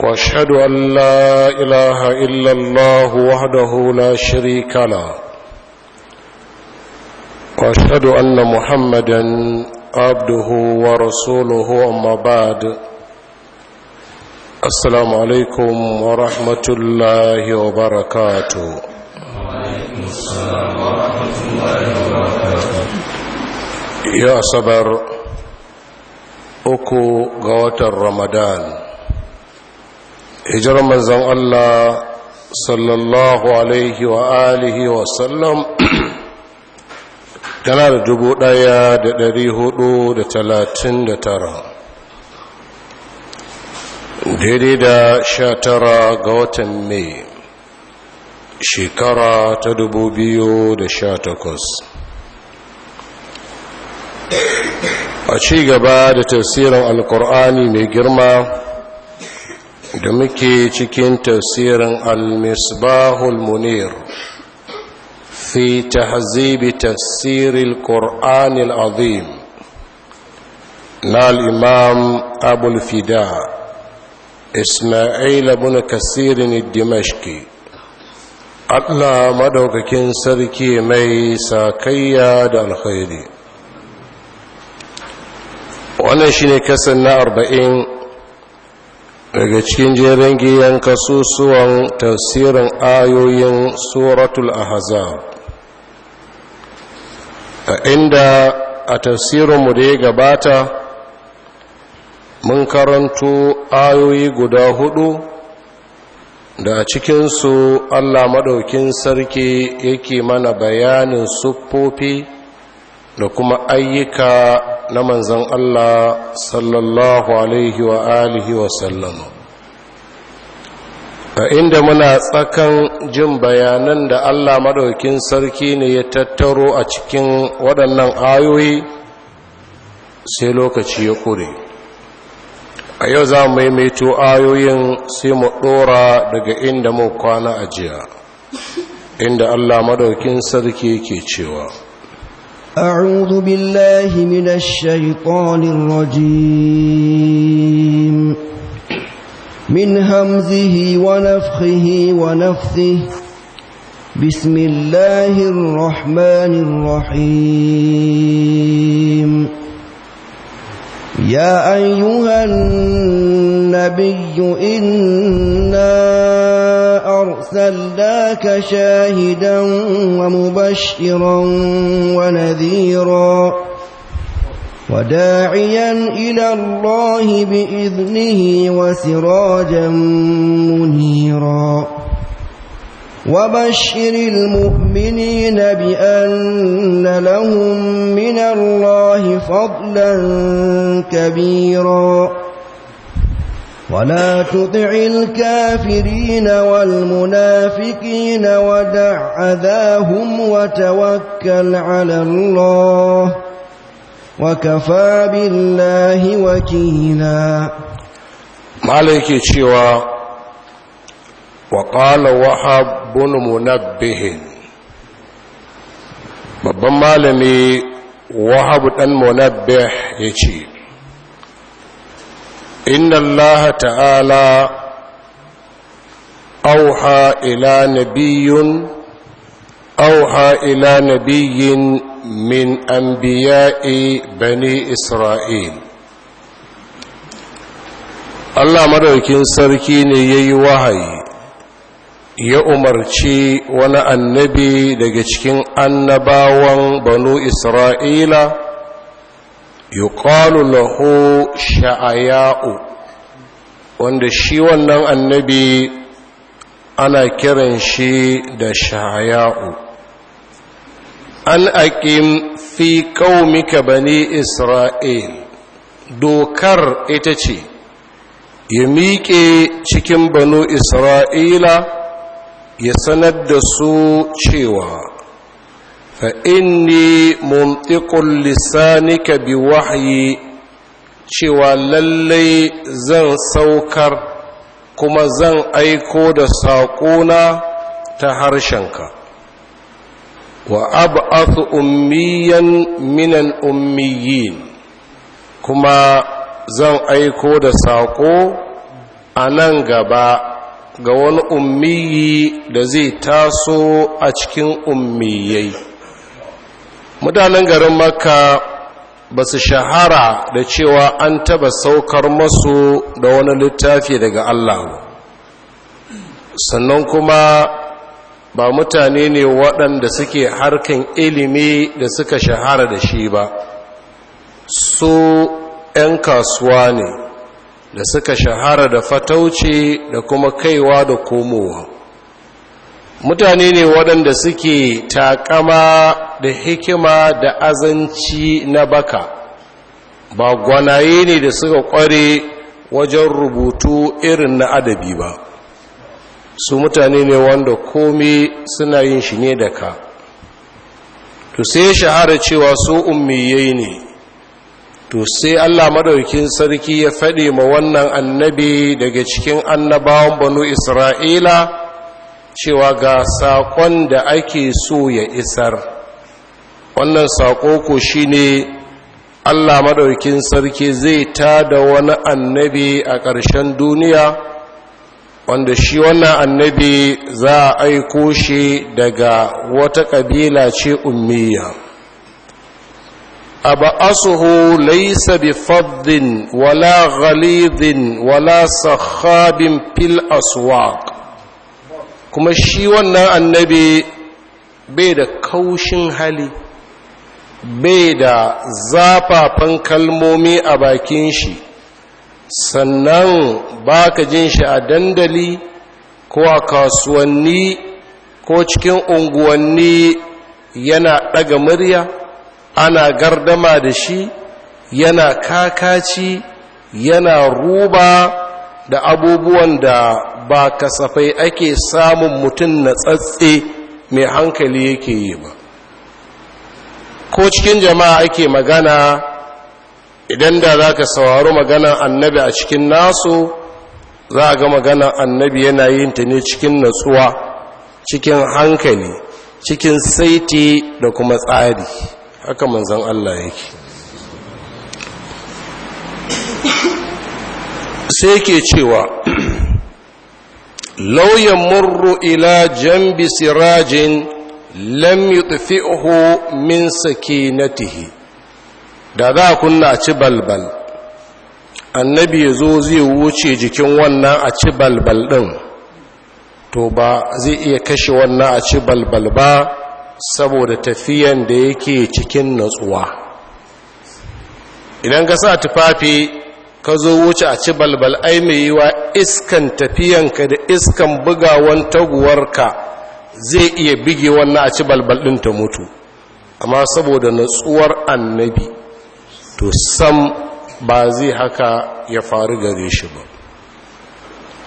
واشهد ان لا اله الا الله وحده لا شريك له واشهد ان محمدا عبده ورسوله اما بعد السلام عليكم ورحمه الله وبركاته وعليكم السلام ورحمه الله وبركاته يا صبر uku ga watan ramadan hijirar manzan Allah sallallahu alaihi wa alihi wa sallam tana da dubu daya da dari hudu da talatin da tara daidai da sha tara ga watan mai shekara ta dubu biyu da sha takwas a ci gaba da tafsirin alkur'ani mai girma da muke cikin tafsirin al-misbahul munir fi tahzibi tafsiril qur'anil azim na al-imam abul fida isma'il ibn kasir al-dimashqi Allah madaukakin sarki mai sakayya da alkhairi wannan shine kasan na arba'in. daga cikin jerin giyan kasusuwan tafsirin ayoyin suratul ahzab a inda a tafsirinmu da ya gabata mun karanto ayoyi guda hudu da a cikinsu allah maɗaukin sarki yake mana bayanin siffofi da kuma ayyuka na manzan allah sallallahu alaihi wa alihi wa sallama a inda muna tsakan jin bayanan da Allah madaukin sarki ne ya tattaro a cikin waɗannan ayoyi sai lokaci ya ƙure a yau za mu maimaito ayoyin sai mu ɗora daga inda mu kwana a jiya inda Allah madaukin sarki ke cewa أعوذ بالله من الشيطان الرجيم من همزه ونفخه ونفثه بسم الله الرحمن الرحيم يا أيها النبي إنا أرسلناك شاهدا ومبشرا ونذيرا وداعيا إلى الله بإذنه وسراجا منيرا وبشر المؤمنين بأن لهم من الله فضلا كبيرا ولا تطع الكافرين والمنافقين ودع أذاهم وتوكل على الله وكفى بالله وكيلا مالك يشوى وقال وهب بن منبه babban malami wahabu dan munabbih yace inna allah ta'ala auha ila nabiyyun أوحى إلى نبي من أنبياء بني إسرائيل Allah madaukin sarki ne ya yi wahayi ya umarci wani annabi daga cikin annabawan banu Isra'ila yuqalu lahu sha'aya'u wanda shi wannan annabi ana kiran shi da sha'aya'u an aƙim fi ƙaumika bani isra'il dokar ita ce ya miƙe cikin banu isra'ila ya sanar da su cewa fa fa'inni mumtikun ka bi wahyi, cewa lallai zan saukar kuma zan aiko da saƙona ta harshenka wa ab'athu ummiyan minan ummiyin kuma zan aiko da saƙo a nan gaba ga wani ummiyi da zai taso a cikin ummiyai mutanen garin makka ba su shahara da cewa an taɓa saukar masu da wani littafi daga allah sannan kuma ba mutane ne waɗanda suke harkan ilimi da suka shahara da shi ba su 'yan kasuwa ne da suka shahara da fatauci da kuma kaiwa da komowa mutane ne waɗanda suke takama da hikima da azanci na baka ba gwanaye ne da suka ƙware wajen rubutu irin na adabi ba su mutane ne wanda komi suna yin shi ne da ka to sai shahara cewa su ummiyai ne to sai Allah madaukin sarki ya faɗi ma wannan annabi daga cikin annabawan banu Isra'ila cewa ga sakon da ake so ya isar wannan saƙo ko shine Allah madaukin sarki zai tada wani annabi a ƙarshen duniya wanda shi wannan annabi za a aiko shi daga wata ƙabila ce ummiya aba'asuhu laysa faddin wala ghalidin wala sahabin fil aswaq kuma shi wannan annabi bai da kaushin hali bai da zafafan kalmomi a bakin shi sannan ba ka jin shi a dandali ko a kasuwanni ko cikin unguwanni yana ɗaga murya ana gardama da shi yana kakaci yana ruba da abubuwan da ba kasafai ake samun mutum na tsatse mai hankali yake yi ba ko cikin jama'a ake magana idan da za ka saurari magana annabi a cikin nasu za a ga magana annabi yana yin ta ne cikin natsuwa cikin hankali cikin saiti da kuma tsari haka manzan Allah yake sai ke cewa lauyan murru ila jambi sirajin lam yutfi'hu min sakinatihi da za kunna a ci balbal annabi ya zo zai wuce jikin wannan a ci balbal ɗin to ba zai iya kashe wannan a ci balbal ba saboda tafiyan da yake cikin natsuwa idan ka sa tufafi ka zo wuce a ci balbal ai mai yiwa iskan tafiyanka da iskan bugawan taguwarka zai iya bige wannan a ci balbal ɗin ta mutu amma saboda natsuwar annabi to sam ba zai haka ya faru gare shi ba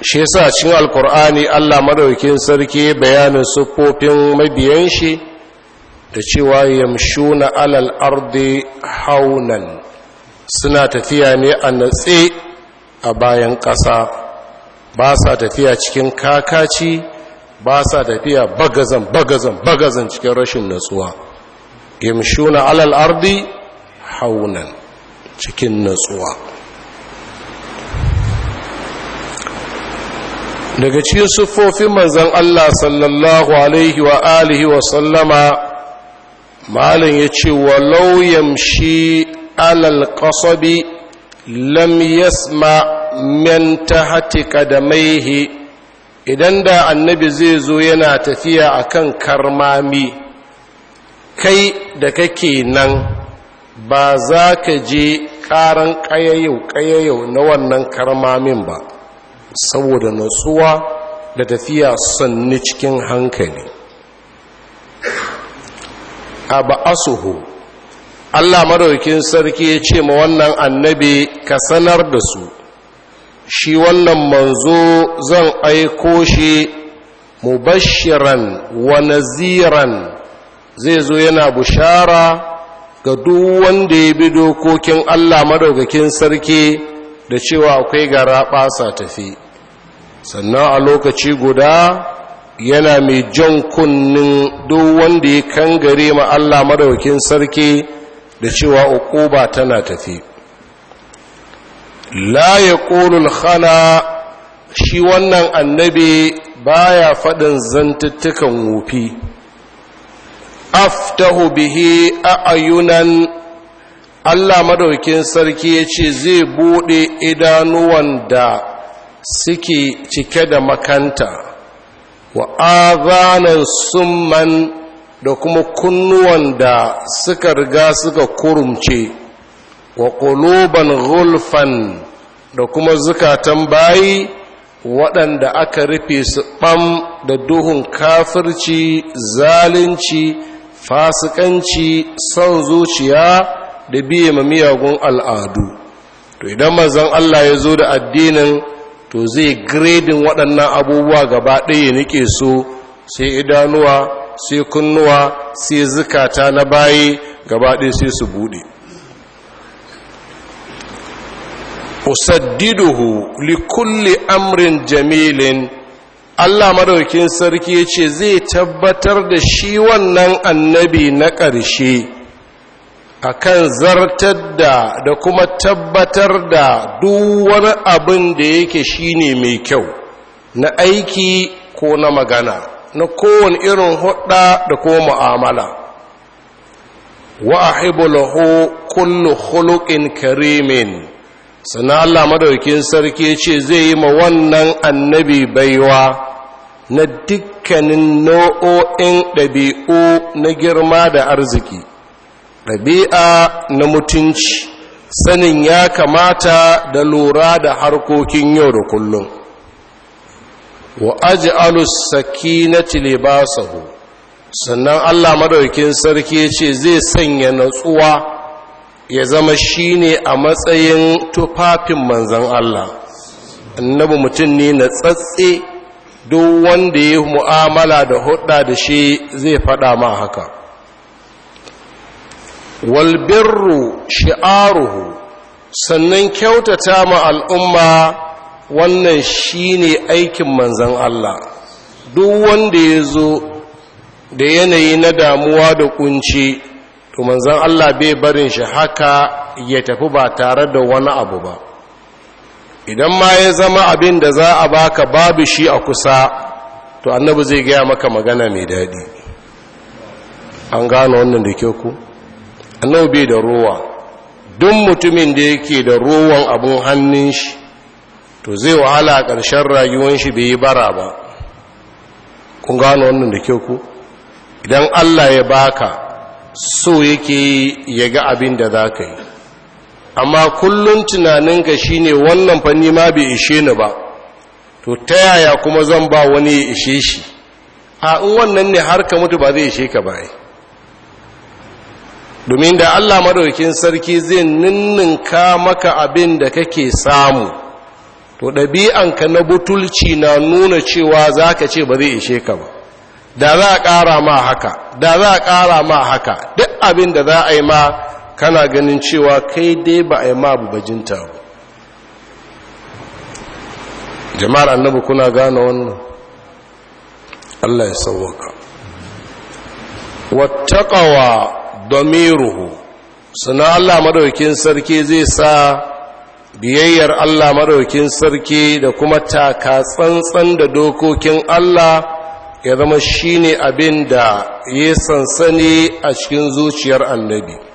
shi sa cikin alkur'ani Allah madaukin sarki bayanin siffofin mabiyan shi da cewa yamshuna alal ardi haunan suna tafiya ne a natse a bayan ƙasa ba sa tafiya cikin kakaci ba sa tafiya bagazan bagazan bagazan cikin rashin natsuwa yamshuna alal ardi haunan cikin natsuwa daga cikin siffofin manzan Allah sallallahu alaihi wa alihi wa sallama malin ya ce walau yamshi alal kasobi lam yasma min tahti qadamaihi idan da annabi zai zo yana tafiya akan karmami kai da kake nan ba za ka je ƙaran ƙayayau ƙayayau na wannan karmamin ba saboda nutsuwa da tafiya sannu cikin hankali a ba'asuhu allah maraukin sarki ya ce ma wannan annabi ka sanar da su shi wannan manzo zan aiko shi mubashiran wa naziran zai zo yana bushara ga duk wanda ya bi dokokin Allah madaukakin sarki da cewa akwai gara tafe, tafi sannan a lokaci guda yana mai jan kunnin duk wanda ya kan gare ma Allah madaukakin sarki da cewa uquba tana tafi la yaqulul hana, shi wannan annabi baya faɗin zantuttukan wufi aftahu bihi a'yunan Allah madaukin sarki yace zai bude idanuwan da suke cike da makanta wa azanan summan da kuma kunnuwan da suka riga suka kurumce wa quluban ghulfan da kuma zukatan bayi waɗanda aka rufe su ɓam da duhun kafirci zalunci fasikanci son zuciya da biye ma miyagun al'adu to idan mazan Allah ya zo da addinin to zai gredin waɗannan abubuwa gaba ɗaya nike so sai idanuwa sai kunnuwa sai zukata na bayi gaba ɗaya sai su buɗe usaddiduhu li kulli amrin jamilin Allah madaukin sarki ya ce zai tabbatar da shi wannan annabi na ƙarshe a kan zartar da da kuma tabbatar da duk wani abin da yake shi ne mai kyau na aiki ko na magana na kowane irin hudda da kuma mu'amala wa ahibu lahu kullu khuluqin karimin sana Allah madaukin sarki ce zai yi ma wannan annabi baiwa na dukkanin nau'o'in ɗabi'u na girma da arziki ɗabi'a na mutunci sanin ya kamata da lura da harkokin yau da kullum wa na na tilibasahu sannan Allah madaukin sarki ce zai sanya natsuwa ya zama shine a matsayin tufafin manzan Allah annabi mutum ne na tsatse duk wanda ya mu'amala da hudda da shi zai fada ma haka walbirru shi'aruhu sannan kyautata ma al'umma wannan shine aikin manzan Allah duk wanda ya zo da yanayi na damuwa da kunci to manzan Allah bai barin shi haka ya tafi ba tare da wani abu ba idan ma ya zama abin da za a baka babu shi a kusa to annabi zai gaya maka magana mai daɗi an gano wannan da kyau ku annabi bai da ruwa, duk mutumin da yake da ruwan abun hannun shi to zai wahala a ƙarshen rayuwan shi bai yi bara ba kun gano wannan da kyau ku idan allah ya baka so yake yi ya ga abin da za ka yi amma kullun shi ne wannan fa ma bai ishe ni ba to ta yaya kuma zan ba wani ya ishe shi a in wannan ne har ka mutu ba zai ishe ka ba domin da Allah maɗaukin sarki zai ninninka maka abin da kake samu to ɗabi'anka na butulci na nuna cewa za ka ce ba zai ishe ka ba da za a ƙara ma haka da za a ƙara ma haka duk abin da za a yi ma kana ganin cewa kai dai ba a yi ma abu ba jama'ar annabu kuna gane wannan Allah ya sauwaka wattaqawa damiruhu suna Allah madaukin sarki zai sa biyayyar Allah madaukin sarki da kuma taka tsantsan da dokokin Allah ya zama shine abin da ya sansani a cikin zuciyar annabi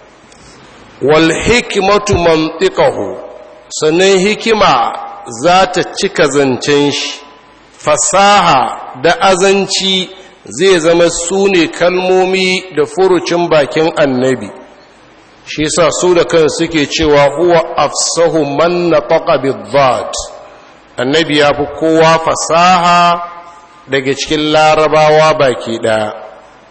wal hikimatu mantiqahu sannan hikima za ta cika zancen shi fasaha da azanci zai zama sune kalmomi da furucin bakin annabi shi yasa su da kan suke cewa huwa afsahu man nataqa bidhat annabi ya fi kowa fasaha daga cikin larabawa baki ɗaya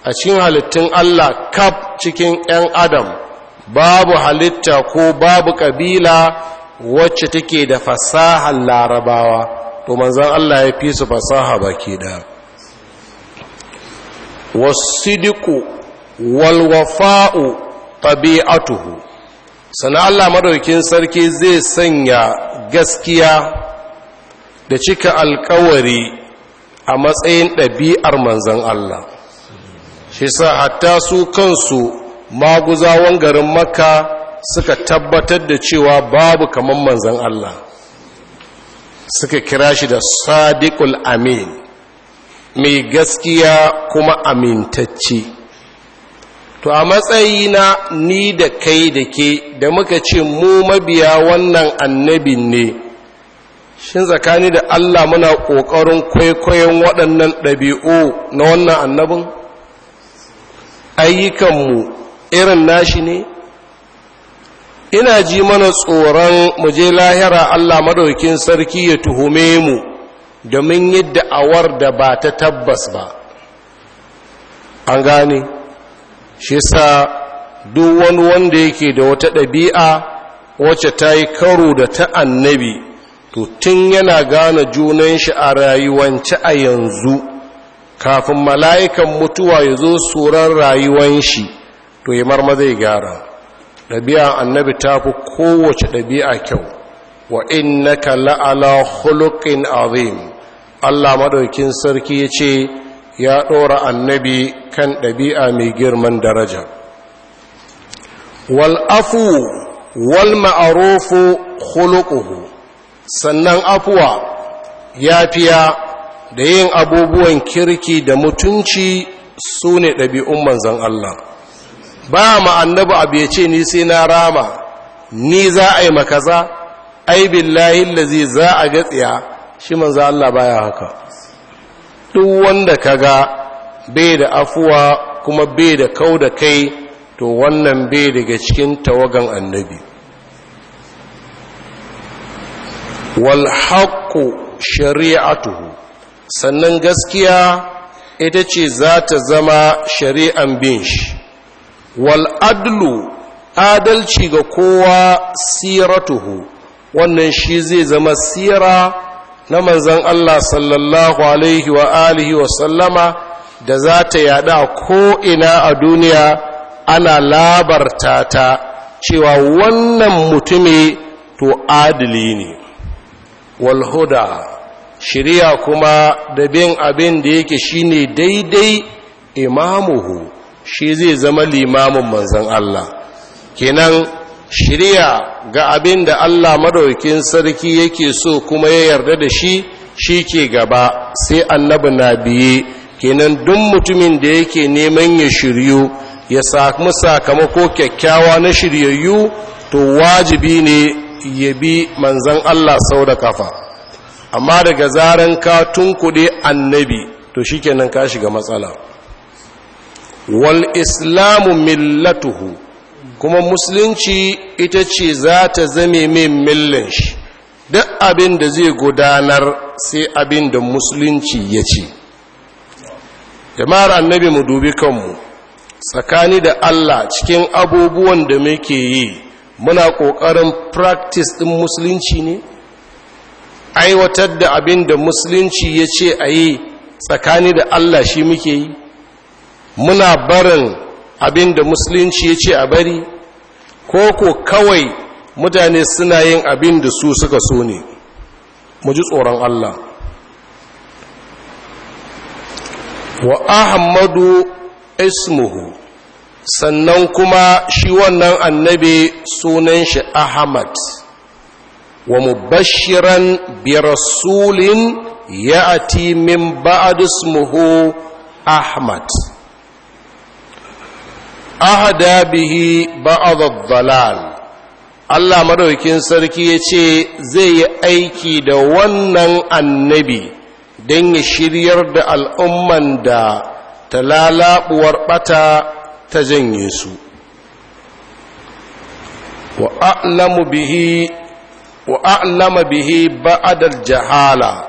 a cikin halittun Allah kaf cikin ‘yan adam babu halitta ko babu kabila wacce take da fasahar larabawa to manzan Allah ya fi su fasaha baki da wasidiku walwafa'u tabi'atuhu sana Allah madaukin sarki zai sanya gaskiya da cika alkawari a matsayin ɗabi'ar manzan Allah shi sa hatta su kansu maguzawan garin makka suka tabbatar da cewa babu kamar manzan Allah suka kira shi da sadiqul amin mai gaskiya kuma amintacce to a matsayina ni da kai da ke da muka ce mu mabiya wannan annabin ne shin zakani da Allah muna ƙoƙarin kwaikwayon waɗannan ɗabi'u na wannan annabin ayyukanmu irin nashi ne ina ji mana tsoron mu je lahira Allah madaukin sarki ya tuhume mu domin yadda awar da ba ta tabbas ba an gane shi sa duk wani wanda yake da wata ɗabi'a wacce ta yi karo da ta annabi to tun yana gane junan shi a rayuwanci a yanzu kafin mala'ikan mutuwa ya zo tsoron rayuwan shi to yi marmaza zai gyara ɗabi'a annabi ta fi kowace ɗabi'a kyau wa innaka la'ala hulukin azim allah maɗaukin sarki ya ce ya ɗora annabi kan ɗabi'a mai girman daraja wal'afu wal ma'arufu hulukuhu sannan afuwa ya fiya da yin abubuwan kirki da mutunci su ne ɗabi'un manzan Allah ba ma annabi abu ya ce ni sai na rama ni za a yi makaza ai billahi lazi za a gatsiya shi manzo Allah baya haka duk wanda ka ga bai da afuwa kuma bai da kau da kai to wannan bai daga cikin tawagan annabi wal haqqu shari'atuhu sannan gaskiya ita ce za ta zama shari'an bin shi wal adalci ga kowa siratuhu wannan shi zai zama sira na manzan Allah sallallahu alaihi wa alihi wa sallama da za ta yada ko'ina a duniya ana labarta ta cewa wannan mutumi to adali ne walhuda shirya kuma da bin abin da yake shine daidai imamuhu shi zai zama limamin manzan Allah kenan shirya ga abin da Allah madaukin sarki yake so kuma ya yarda da shi shi ke gaba sai annabi na biye kenan duk mutumin da yake neman ya shiryu ya samu sakamako kyakkyawa na shiryayyu to wajibi ne ya bi manzan Allah sau da kafa amma daga zaren ka tunkuɗe annabi to kenan ka shiga matsala wal islamu millatuhu kuma musulunci ita ce za ta zame min millan shi duk abin da zai gudanar sai abin da musulunci ya ce jama'ar annabi mu dubi kanmu tsakani da allah cikin abubuwan da muke yi muna ƙoƙarin practice ɗin musulunci ne aiwatar da abin da musulunci ya ce a yi tsakani da allah shi muke yi muna barin abin da musulunci ya ce a bari ko ko kawai mutane suna yin abin da su suka so ne mu ji tsoron Allah wa ahmadu ismuhu sannan kuma shi wannan annabi sunan shi ahmad wa mubashiran bi rasulin ati min ba'ad ismuhu ahmad ahada bihi ba'adad dalal Allah maɗaukin sarki ya ce zai yi aiki da wannan annabi don ya shiryar da al'umman da ta lalabuwar bata ta janye su wa a'lamu bihi wa a'lama bihi jahala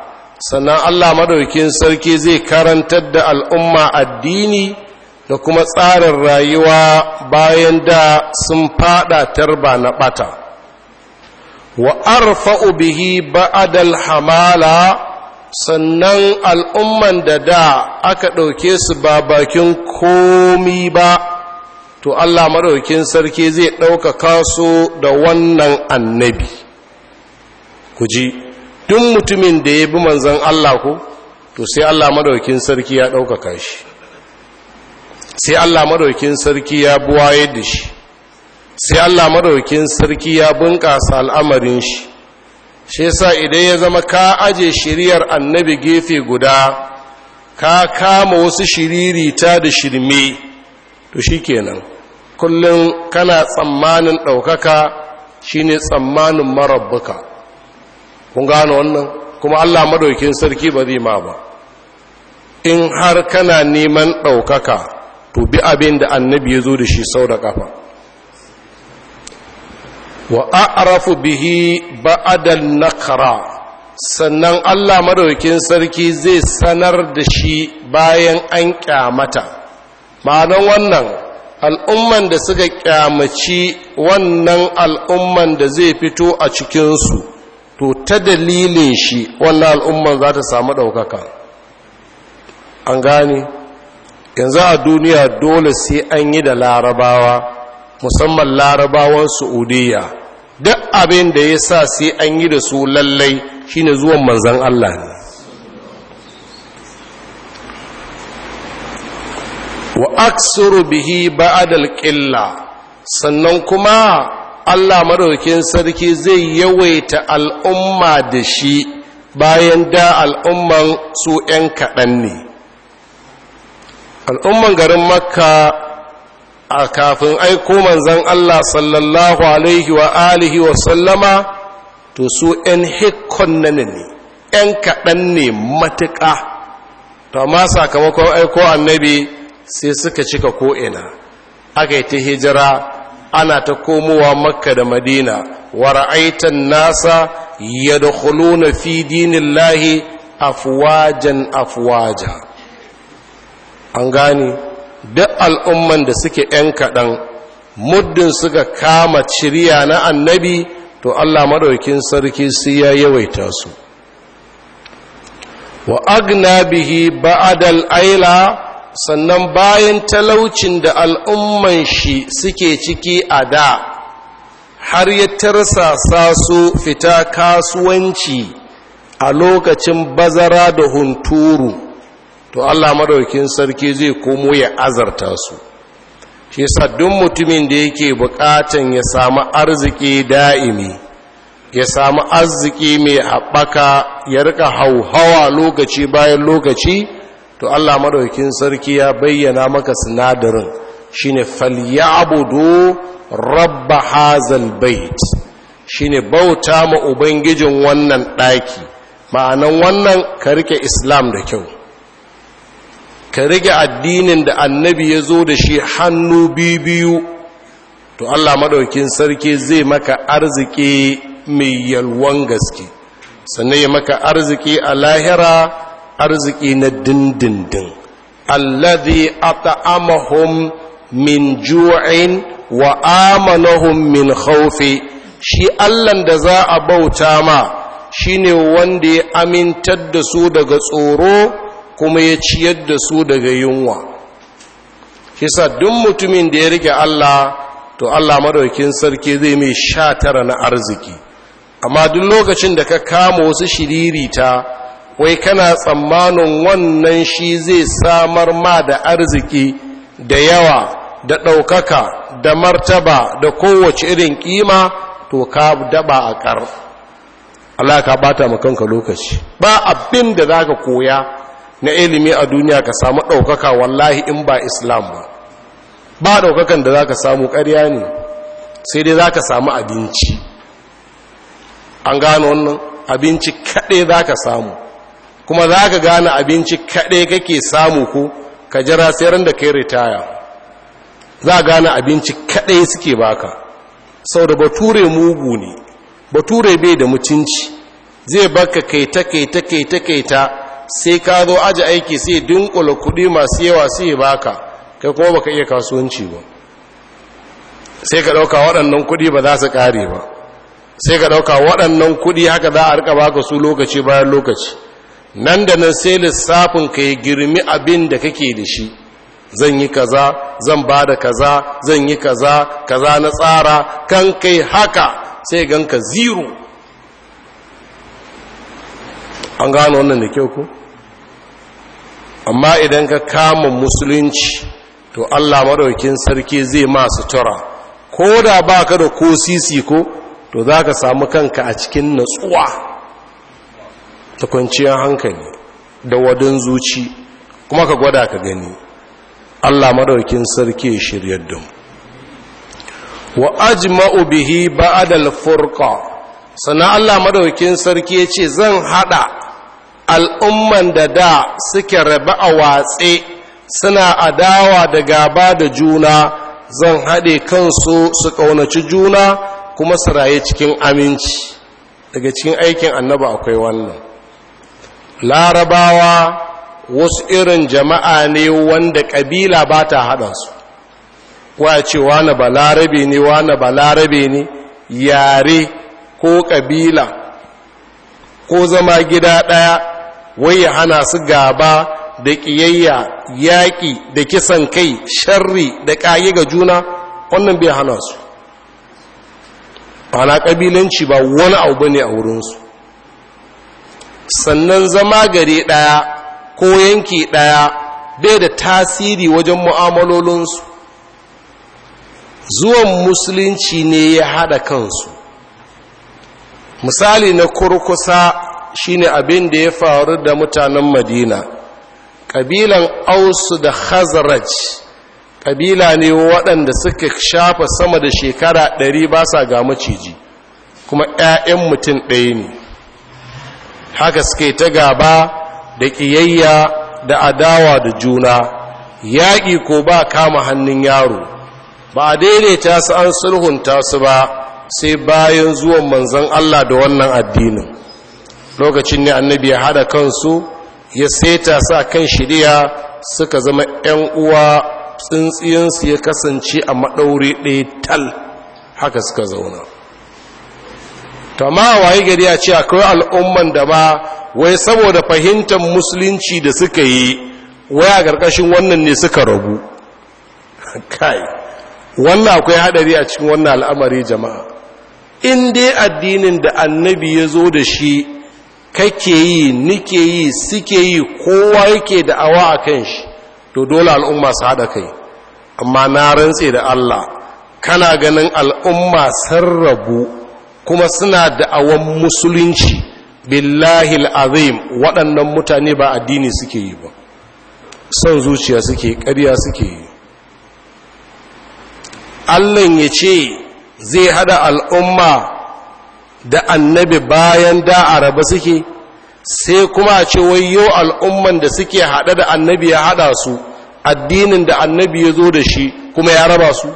sannan Allah maɗaukin sarki zai karantar da al'umma addini da kuma tsarin rayuwa bayan da sun fada tarba na bata wa arfa'u bihi ba'adal hamala sannan al'umman da da aka ɗauke su ba bakin komi ba to Allah maɗaukin sarki zai ɗaukaka su da wannan annabi ku duk mutumin da ya bi manzan Allah ku to sai Allah maɗaukin sarki ya ɗaukaka shi sai Allah madaukin sarki ya buwaye da shi sai Allah madaukin sarki ya bunƙasa al'amarin shi shi yasa idan ya zama ka aje shiriyar annabi gefe guda ka kama wasu shiririta da shirme to shikenan kullum kana tsammanin ɗaukaka shine tsammanin marabbuka kun gano wannan kuma Allah madaukin sarki ba zai ma ba in har kana neman ɗaukaka to bi abin da annabi ya zo da shi sau da kafa wa a'rafu bihi ba'adal nakara sannan Allah madaukin sarki zai sanar da shi bayan an kyamata ma'anan wannan al'umman da suka kyamaci wannan al'umman da zai fito a cikinsu to ta dalilin shi wannan al'umman za ta samu ɗaukaka an gane yanzu a duniya dole sai an yi da larabawa musamman larabawan saudiya duk abin da ya sa sai an yi da su lallai shine zuwan manzan allah ne wa aksuru bihi ba'adal ƙilla sannan kuma allah maraukin sarki zai yawaita al'umma da shi bayan da al'umman su ‘yan kaɗan ne al'umman garin makka a kafin aiko manzan allah sallallahu alaihi wa alihi wa sallama to su 'yan na ne 'yan kaɗan ne matuƙa to ma sakamakon aiko annabi sai suka cika ko'ina aka yi ta hijira ana ta komowa makka da madina wa ra'aitan nasa na fi dinillahi afuwajen afwaja an gani duk al'umman da suke ‘yan kaɗan muddin suka kama ciriya na annabi to Allah maɗaukin sarki su ya yawaita su wa agna bihi ba'adal aila sannan bayan talaucin da al'umman shi suke ciki a da har ya tarsasa su fita kasuwanci a lokacin bazara da hunturu to Allah madaukin sarki zai komo ya azarta su shi yasa duk mutumin da yake buƙatan ya samu arziki da'imi ya samu arziki mai haɓaka ya rika hauhawa lokaci bayan lokaci to Allah madaukin sarki ya bayyana maka sinadarin shine falyabudu rabb hazal bait shine bauta ma ubangijin wannan daki ma'anan wannan ka rike islam da kyau ka rage addinin da annabi ya zo da shi hannu biyu to Allah maɗaukin sarki zai maka arziki mai yalwan gaske sannan ya maka arziki a lahira arziki na dindindin alladhi at'amahum min ju'in wa amanahum min khawfi shi Allah da za a bauta ma shine wanda ya amintar da su daga tsoro kuma ya ciyar da su daga yunwa kisa duk mutumin da ya rike Allah to Allah madaukin sarki zai mai sha tara na arziki amma duk lokacin da ka kama wasu shiririta wai kana tsammanin wannan shi zai samar ma da arziki da yawa da ɗaukaka da martaba da kowace irin ƙima to ka daba a ƙar Allah ka bata makanka lokaci ba abin da za ka koya na ilimi a duniya ka samu ɗaukaka wallahi in ba islam ba ba ɗaukakan da za ka samu ƙarya ne sai dai za ka samu abinci an gano wannan abinci kaɗai za ka samu kuma za ka gane abinci kaɗai kake samu ko ka jira sai da kai ritaya za gane abinci kaɗai suke baka sau da bature mugu ne bature bai da mutunci zai baka kaita kaita kaita kaita sai ka zo aji aiki sai dunkula kuɗi masu yawa sai baka kai kuma baka iya kasuwanci ba sai ka ɗauka waɗannan kuɗi ba za su ƙare ba sai ka ɗauka waɗannan kuɗi haka za a rika baka su lokaci bayan lokaci nan da nan sai lissafin ka yi girmi abin da kake da shi zan yi kaza zan ba da kaza zan yi kaza kaza na tsara kan kai haka sai ganka zero an gano wannan da kyau ko amma idan ka kama musulunci to allah maɗaukin sarki zai masu tura, ko da ba ka da ko sisi ko to za ka samu kanka a cikin natsuwa ta kwanciyar hankali da wadin zuci kuma ka gwada ka gani allah maɗaukin sarki shiryar dum wa ajma'u bihi ba'adal furqa sana Allah maɗaukin sarki yace zan hada al'umman da da suke rabi a watse suna adawa da gaba da juna zan haɗe kansu su ƙaunaci juna kuma su raye cikin aminci daga cikin aikin annaba akwai wannan larabawa wasu irin jama'a ne wanda ƙabila ba ta haɗa su wa ce wane ba larabe ne wane ba larabe ne yare ko ƙabila ko zama gida ɗaya wai ya hana su gaba da ƙiyayya yaƙi da kisan kai sharri da ƙayi ga juna wannan bai hana su Bana ƙabilanci ba wani abu ne a wurinsu sannan zama gare ɗaya ko yanki ɗaya bai da tasiri wajen mu'amalolinsu zuwan musulunci ne ya haɗa kansu misali na kurkusa shine abin da ya faru da mutanen madina ƙabilan ausu da khazraj ƙabila ne waɗanda suka shafa sama da shekara ɗari ba sa ga maciji kuma 'ya'yan mutum ɗaya ne haka suke ta gaba da ƙiyayya da adawa da juna yaƙi ko ba kama hannun yaro ba a daidaita su an sulhunta su ba sai bayan zuwan manzan Allah da wannan addinin lokacin ne annabi ya hada kansu ya seta sa kan shirya suka zama 'yan uwa tsintsiyansu ya kasance a maɗauri ɗaya tal haka suka zauna ta ma waye gari ya ce akwai al'umman da ba wai saboda fahimtar musulunci da suka yi wai a ƙarƙashin wannan ne suka rabu kai wannan akwai haɗari a cikin wannan al'amari jama'a in dai addinin da annabi ya zo da shi kake yi nike yi suke yi kowa yake da awa a kan shi to dole al'umma su haɗa kai amma na rantse da Allah kana ganin al'umma sun rabu kuma suna da awan musulunci billahi al'azim waɗannan mutane ba addini suke yi ba son zuciya suke ƙarya suke yi Allah ya ce zai hada al'umma da annabi bayan da araba suke sai kuma a ce wai yau al'umman da suke haɗe da annabi ya haɗa su addinin da annabi ya zo da shi kuma ya raba su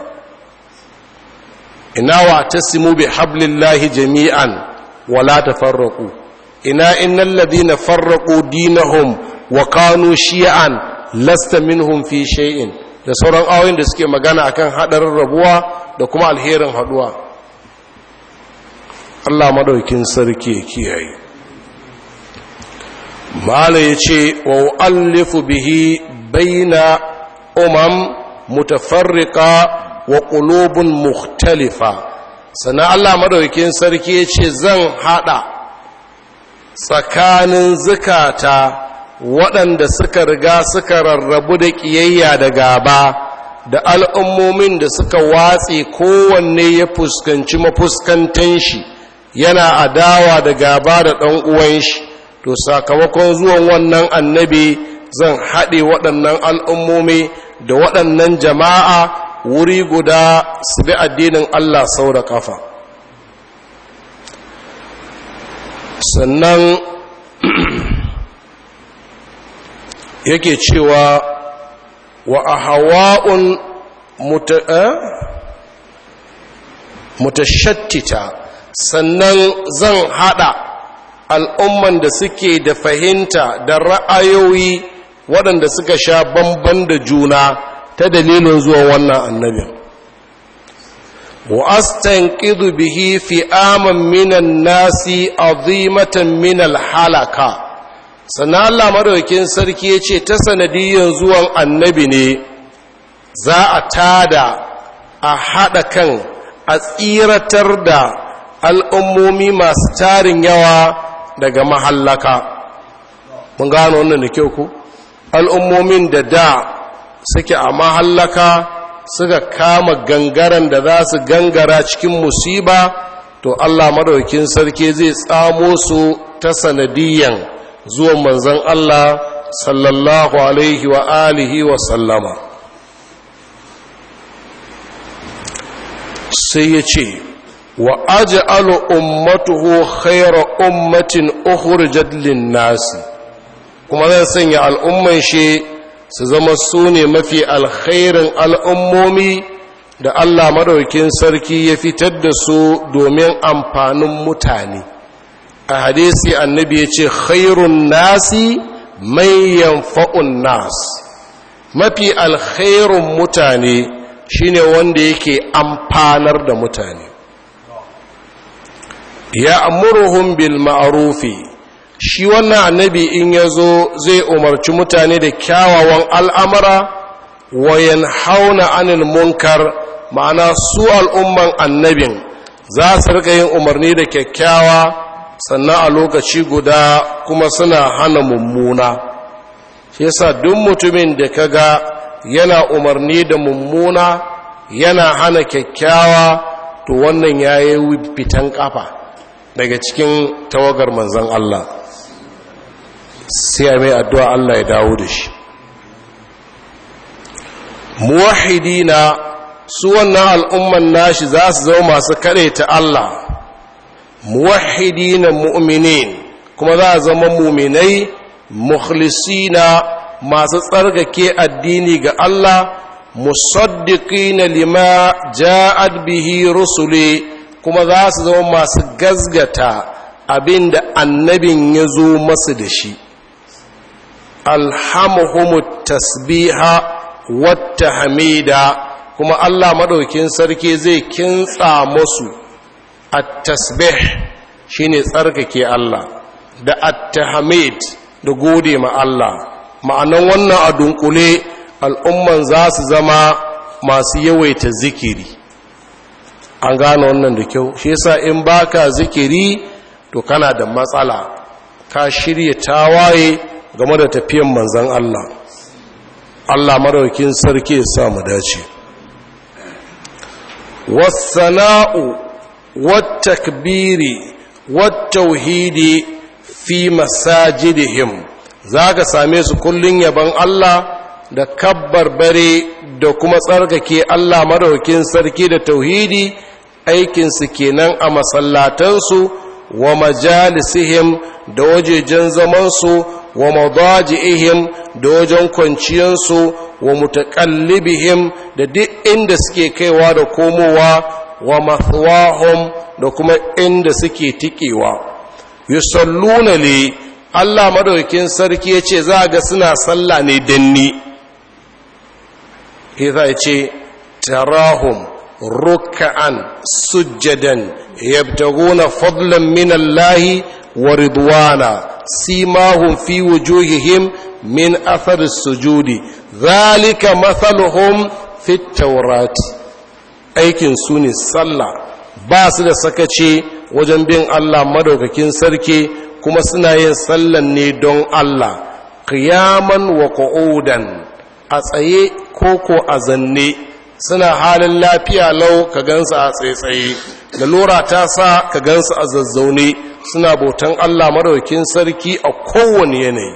ina wa tasimu bi hablillahi jami'an wala ta farraku ina innal ladina farraku dinahum wa kanu shi'an lasta minhum fi shay'in da sauran ayoyin da suke magana akan hadarin rabuwa da kuma alherin haduwa Allah madaukin sarki ya kiyaye mala yace wa u'allifu bihi baina umam mutafarriqa wa qulubun mukhtalifa sana Allah madaukin sarki yace zan haɗa tsakanin zukata waɗanda suka riga suka rarrabu da ƙiyayya da gaba da al'ummomin da suka watse kowanne ya fuskanci mafuskantan shi yana adawa da gaba da ɗan uwan shi to sakamakon zuwan wannan annabi zan haɗe waɗannan al'ummomi da waɗannan jama'a wuri guda su bi addinin Allah sau da kafa sannan yake cewa wa a hawa'un eh? mutashattita sannan zan haɗa al'umman da suke da fahimta da ra'ayoyi waɗanda suka sha bamban da juna ta dalilin zuwa wannan annabin fi aman minan nasi a zimatan من halaka sannan Allah maraukin sarki ya ce ta sanadiyyar zuwan annabi ne za a tada a haɗa kan a tsiratar da al'ummomi masu tarin yawa daga mahallaka mun gano wannan da kyau ku al'ummomin da da suke a mahallaka suka kama gangaran da za su gangara cikin musiba to Allah maɗaukin sarki zai tsamo su ta sanadiyan zuwa manzon Allah sallallahu alaihi wa alihi wa sallama sai ya ce wa aj'alu ummatuhu khayra ummatin ukhrijat lin Nasi, kuma zan sanya al'umman shi su zama sune mafi alkhairin al'ummomi da Allah madaukin sarki ya fitar da su domin amfanin mutane a hadisi annabi ya ce khairun nasi mai yanfa'un nas mafi alkhairun mutane shine wanda yake amfanar da mutane ya amuruhun bil ma'arufi shi wannan annabi in ya zo zai umarci mutane da kyawawan al'amara wayan hauna anil munkar ma'ana su al'umman annabin za su rika yin umarni da kyakkyawa sannan a lokaci guda kuma suna hana mummuna shi yasa duk mutumin da ka ga yana umarni da mummuna yana hana kyakkyawa to wannan ya yi fitan kafa daga cikin tawagar manzan Allah sai mai addu'a Allah ya dawo da shi muwahidina su wannan al'umman nashi za su zama masu ta Allah muwahidina mu'minin kuma za a zama muminai na masu tsargake addini ga Allah na lima ja'ad bihi Rusule. kuma za su zama masu gazgata abin da annabin ya zo masu da shi alhamuhumu tasbiha wata hamida kuma allah maɗaukin sarki zai kintsa masu a tasbih shi shine tsarkake allah da attahamid da gode ma allah ma'anan wannan a dunkule al'umman za su zama masu yawaita zikiri an gane wannan da kyau shi yasa in baka zikiri to kana da matsala ka shirya tawaye game da tafiyan manzan Allah Allah maraukin sarki ya sa mu dace wasana'u wattakbiri wattauhidi fi masajidihim zaka same su kullun yaban Allah da kabbar bare da kuma tsarkake Allah maraukin sarki da tauhidi aikinsu kenan a masallatansu wa majalisihim da wajejen zamansu wa madaji'ihim da wajen kwanciyansu wa mutaƙallibihim da duk inda suke kaiwa da komowa wa mathwahum da kuma inda suke tikewa yusalluna li Allah madaukin sarki yace za ga suna sallah ne danni ya ce tarahum ruk'an sujjadan yabtaguna fadlan min Allah wa ridwana simahum fi wujuhihim min athar sujudi dhalika mathaluhum fi at aikin su ne sallah ba su da sakaci wajen bin Allah madaukakin sarki kuma suna yin sallan ne don Allah qiyaman wa qu'udan a tsaye koko a zanne suna halin lafiya lau ka gansu a tsaitsaye lalura ta sa ka gansu a zazzaune suna botan Allah maraukin sarki a kowane yanayi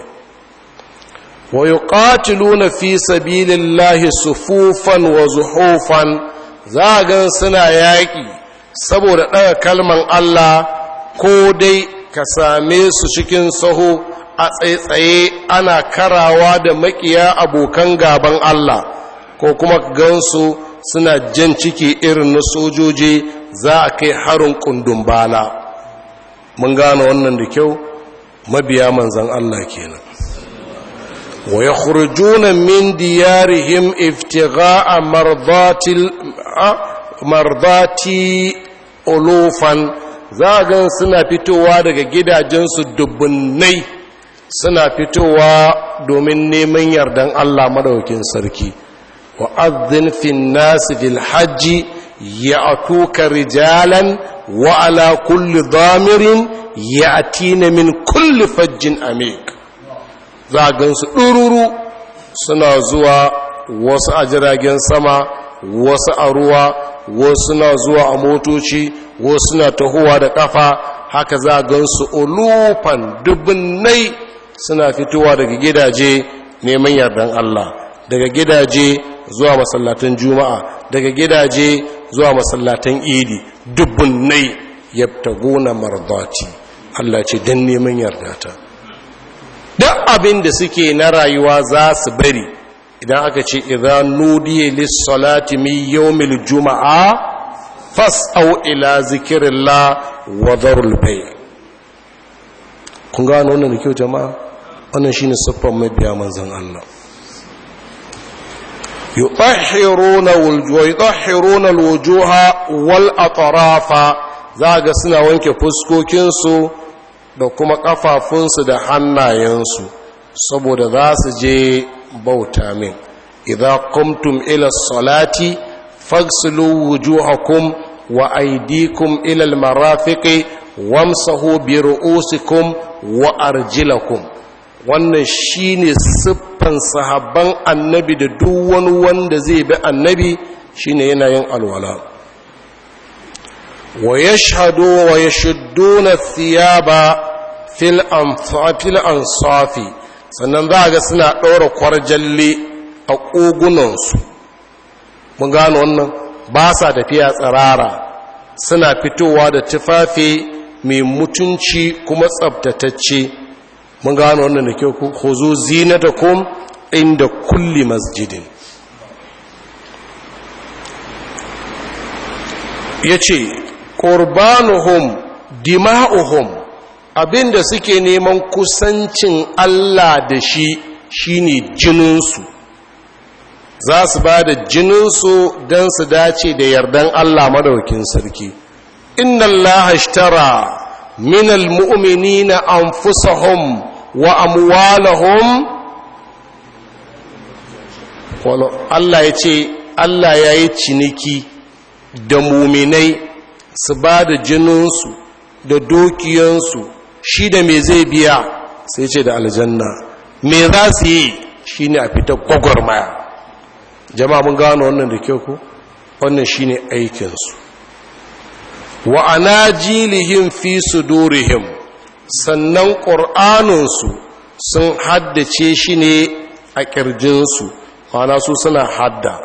wa yuqatiluna fi sabilillahi sufufan wa zuhufan za a gan suna yaƙi saboda ɗaga kalman Allah ko dai ka same su cikin saho a tsaitsaye ana karawa da makiya abokan gaban Allah ko kuma gansu suna jan ciki irin na sojoji za a kai harin kundun bala mun gane wannan da kyau mabiya manzan Allah kenan wa ya yakhrujuna min diyarihim iftigha'a mardatil mardati ulufan za ga suna fitowa daga gidajensu dubbunai suna fitowa domin neman yardan Allah madaukin sarki وأذن في الناس في ya a رجالا وعلى wa'ala ضامر يأتين من كل فج أميك za a gansu ɗururu suna zuwa wasu a jiragen sama wasu a ruwa wasu suna zuwa a motoci wasu suna tahuwa da ƙafa haka zagansu ulufan gansu olufan suna fitowa daga gidaje neman yardan Allah daga gidaje zuwa masallatan juma'a daga gidaje zuwa masallatan idi dubbun nai gona mardati Allah ce don neman yarda ta. duk abin da suke na rayuwa za su bari idan aka ce idan nudiye lissalati yau mil juma'a fas'au ila zikirin wa wadar bay kun gano wannan da kyau jama'a wannan shi shine siffar mabiya manzan Allah yutahhiruna alwujuha wal atrafa ga suna wanke fuskokinsu da kuma ƙafafunsu da hannayensu saboda za su je bauta min idza qumtum ila salati fagsilu wujuhakum wa aydikum ila almarafiqi wamsahu bi ru'usikum wa arjilakum wannan shine siffar siffan sahabban annabi da duk wani wanda zai bi annabi shine yana yin alwala wa yashhadu wa yashudduna thiyaba fil anfil ansafi sannan za ga suna ɗaura kwarjalle a ƙogunansu mun gano wannan ba sa tafiya tsarara, suna fitowa da tufafi mai mutunci kuma tsabtatacce mun gano wannan da ke ku zo kom inda kulli masjidin yace qurbanuhum dima'uhum abinda suke neman kusancin Allah da shi shine jininsu za su ba da jininsu don su dace da yardan Allah madaukin sarki inna Allah tara minal mu'minina anfusahum wa amwalahum Allah ya ce Allah ya yi ciniki da muminai su ba da jininsu da dokiyansu shi da me zai biya sai ce da aljanna me za su yi shi ne a fita gwagwarmaya jama'a mun gano wannan da ke ku wannan shi ne aikinsu wa ana jilihim fi sudurihim sannan ƙur'aninsu sun haddace shi ne a ƙirjinsu mana su suna hadda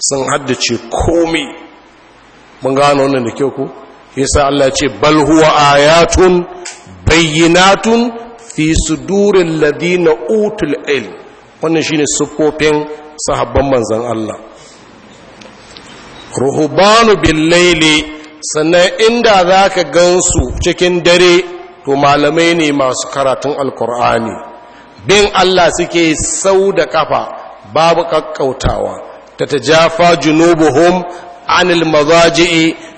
sun haddace komi mun gano wannan da kyau ku yasa Allah ce bal huwa ayatun bayyinatun fi sudurin ladina utul ilm wannan shi ne siffofin sahabban manzan Allah ruhubanu bin laili sannan inda za zaka gansu cikin dare to malamai ne masu karatun alkur'ani bin Allah suke sau da kafa babu kakkautawa ta tajafa junubuhum anil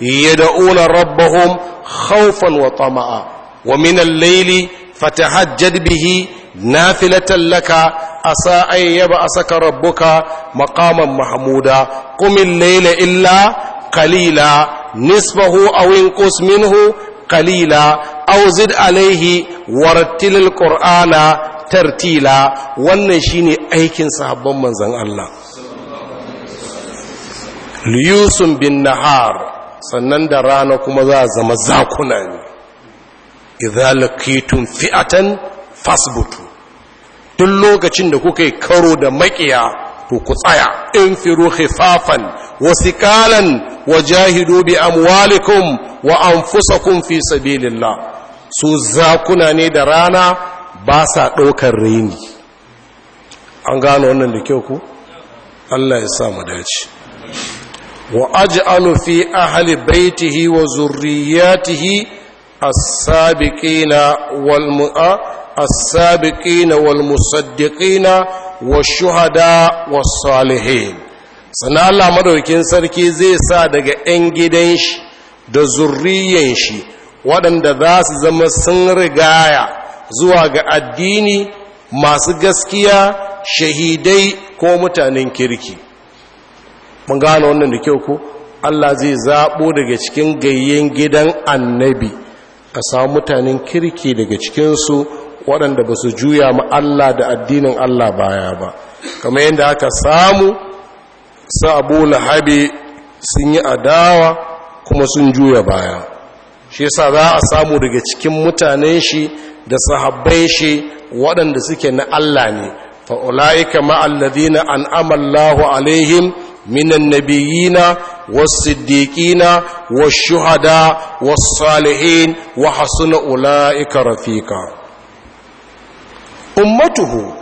ya dauna rabbahum haufan wa tama'a wa minan laili fatahajjad bihi nafilatan laka asa a saka rabbuka makaman mahmuda qum laila illa kalila nisfahu a inqus minhu kalila. Auzid zid alaihi warattilil qur'ana tartila wannan shine aikin sahabban manzon Allah liyusun bin nahar sannan da rana kuma za a zama zakuna ne idhalakitun fi'atan fasbutu duk lokacin da kuka yi karo da makiya to ku tsaya in firu khifafan wasikalan wa jahidu bi amwalikum wa anfusakum fi sabilillah su zakuna ne da rana ba sa ɗaukar raini an gano wannan da kyau ku allah ya sa mu dace wa aji fi ahli baitihi wa zurriyatihi as-sabiqina wal mu'a wa shuhada wa والصالحين sana Allah madaukin sarki zai sa daga 'yan gidan shi da zurriyan shi waɗanda za su zama sun rigaya zuwa ga addini masu gaskiya shahidai ko mutanen kirki mun gano wannan da kyau ko Allah zai zaɓo daga cikin gayyen gidan annabi a samu mutanen kirki daga cikinsu waɗanda ba su juya ma Allah da addinin Allah baya ba kamar yadda aka samu sa abu lahabi sun yi adawa kuma sun juya baya shi yasa za a samu daga cikin mutanen shi da sahabbai shi waɗanda suke na Allah ne fa ulaika ma alladhina an'ama alaihim minan nabiyina was-siddiqina wash-shuhada was-salihin wa hasuna ulaika rafiqa ummatuhu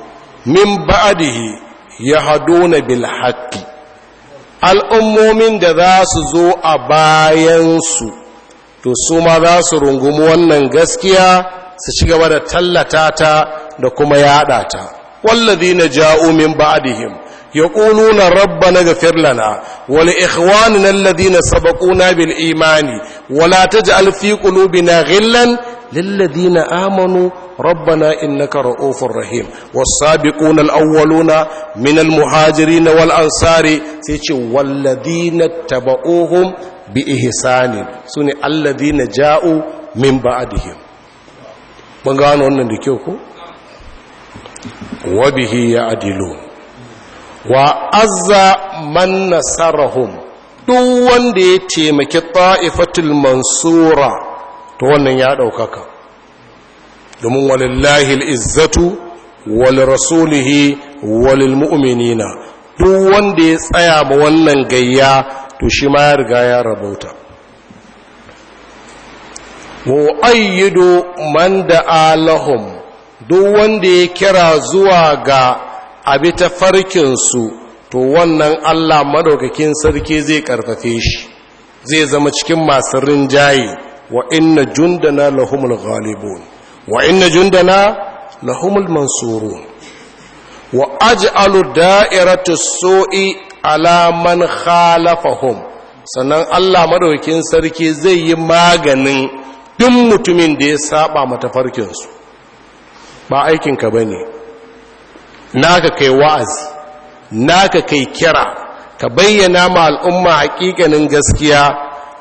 min ya yahduna bil haqqi al'ummomin da za su zo a bayansu to su ma za su rungumi wannan gaskiya su ci gaba da tallata ta da kuma yada ta wallazi na ja'u min ba'dihim yaquluna rabbana ghfir lana wa li ikhwanina alladhina sabaquna bil imani wa la taj'al fi qulubina ghillan lil ladina amanu ربنا إنك رؤوف رحيم والسابقون الأولون من المهاجرين والأنصار والذين اتبعوهم bi ihsani sune alladhina ja'u min ba'dihim mun gano wannan da kyau ko wa bihi ya'dilu wa azza man nasarahum duk wanda ya taimaki ta'ifatul mansura to wannan ya daukaka domin walillahi al'izzatu wal rasulihi walil mu'minina duk wanda ya tsaya ba wannan gayya to shi ma ya riga ya rabauta ayyidu man da'a lahum duk wanda ya kira zuwa ga abi ta su to wannan Allah madaukakin sarki zai karfafe shi zai zama cikin masu rinjaye wa inna jundana lahumul ghalibun wa inna jundana lahumul mansurun wa aj'alu da'iratu su'i Alaman man khalafahum sannan Allah madaukakin sarki zai yi maganin duk mutumin da ya saba matafarkinsu ba aikinka ba ne naka kai wa'azi naka kai kira ka bayyana ma al'umma hakikanin gaskiya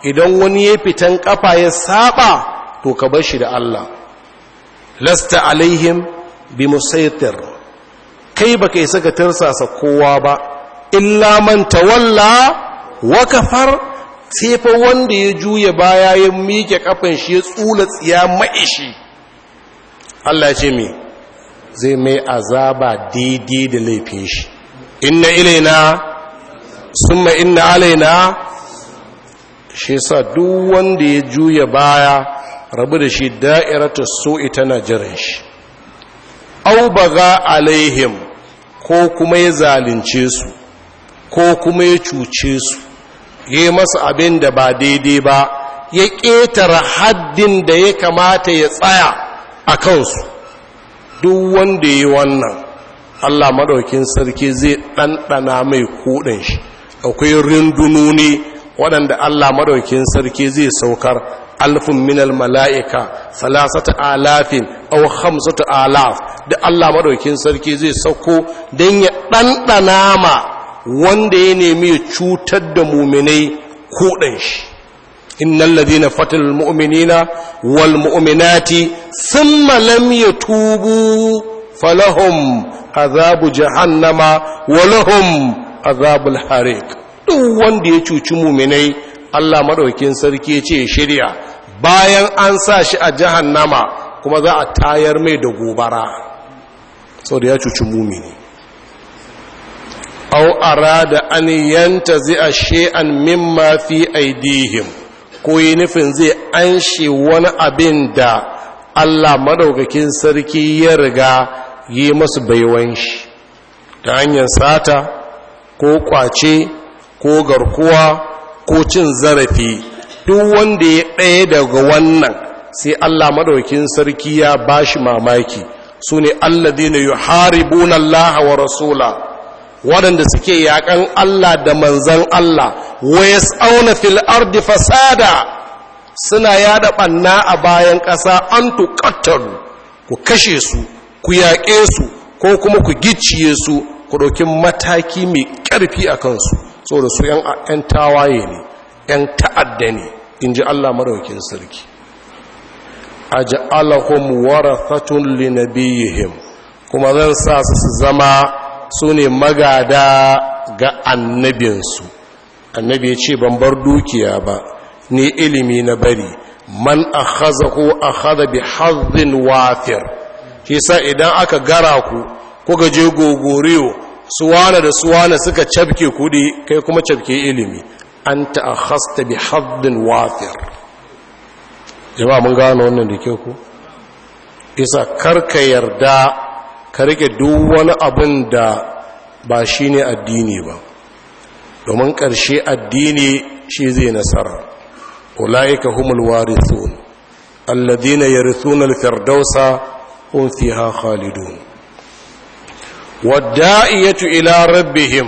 idan wani ya fitan kafa ya saba to ka bar shi da Allah lasta alaihim bi musaitir kai baka saka ka kowa ba illa man tawalla wa kafar sai fa wanda ya juya baya ya mike kafan shi ya tsula tsiya shi Allah ya ce me zai mai azaba daidai da laifin shi inna ilaina summa inna alaina shi sa duk wanda ya juya baya rabu da shi da'iratu su'i tana jiran shi au baga alaihim ko kuma ya zalunce su ko kuma ya cuce su ya masa abin da ba daidai ba ya ƙetare haddin da ya kamata ya tsaya a kansu duk wanda ya yi wannan allah maɗaukin sarki zai ɗanɗana mai kuɗin shi akwai rundununi waɗanda allah maɗaukin sarki zai saukar alfin minal mala'ika salasata alafin au hamsata alaf da allah maɗaukin sarki zai sauko don ya ɗanɗana ma wanda ya nemi ya cutar da muminai kuɗin shi innal ladina fatal mu'minina wal mu'minati thumma lam yatubu falahum azabu jahannama wa lahum azabul hariq duk wanda ya cuci muminai Allah maɗaukin sarki ce shirya bayan an sa shi a jahannama kuma za a tayar mai da gobara saboda ya cuci mumini au arada an yanta zai shay'an mimma fi aidihim ko yi nufin zai shi wani abin da Allah madaukakin sarki ya riga yi masu baiwan shi ta hanyar sata ko kwace ko garkuwa ko cin zarafi duk wanda ya ɗaya daga wannan sai Allah madaukakin sarki ya bashi mamaki su ne alladhina yuharibuna Allah wa rasula waɗanda suke yaƙan Allah da manzan Allah waya tsauna fil ardi fasada suna yada ɓanna a bayan ƙasa an tuƙattaru ku kashe su ku yaƙe su ko kuma ku gicciye su ku ɗauki mataki mai ƙarfi a kansu saboda su ‘yan tawaye ne ‘yan ta'adda ne in ji Allah maraukin sarki a ja'alahum warafatun linabiyyihim kuma zan sa su zama su ne magada ga annabinsu annabi ya ce ban bar dukiya ba ni ilimi na bari man a haza ko haza bi hazin wafir ke sa idan aka gara ku ko gaje gogoriyo suwana da suwana suka cafke kudi kai kuma cafke ilimi an ta ta'akhasta bi hazin wafir jama'a mun gano wannan da ke ku isa karka yarda ka rike duk wani abin da ba shi ne addini ba domin ƙarshe addini shi zai nasara ula'ika humul warithun alladhina yarithuna al-firdausa hum fiha khalidun wada'iyatu ila rabbihim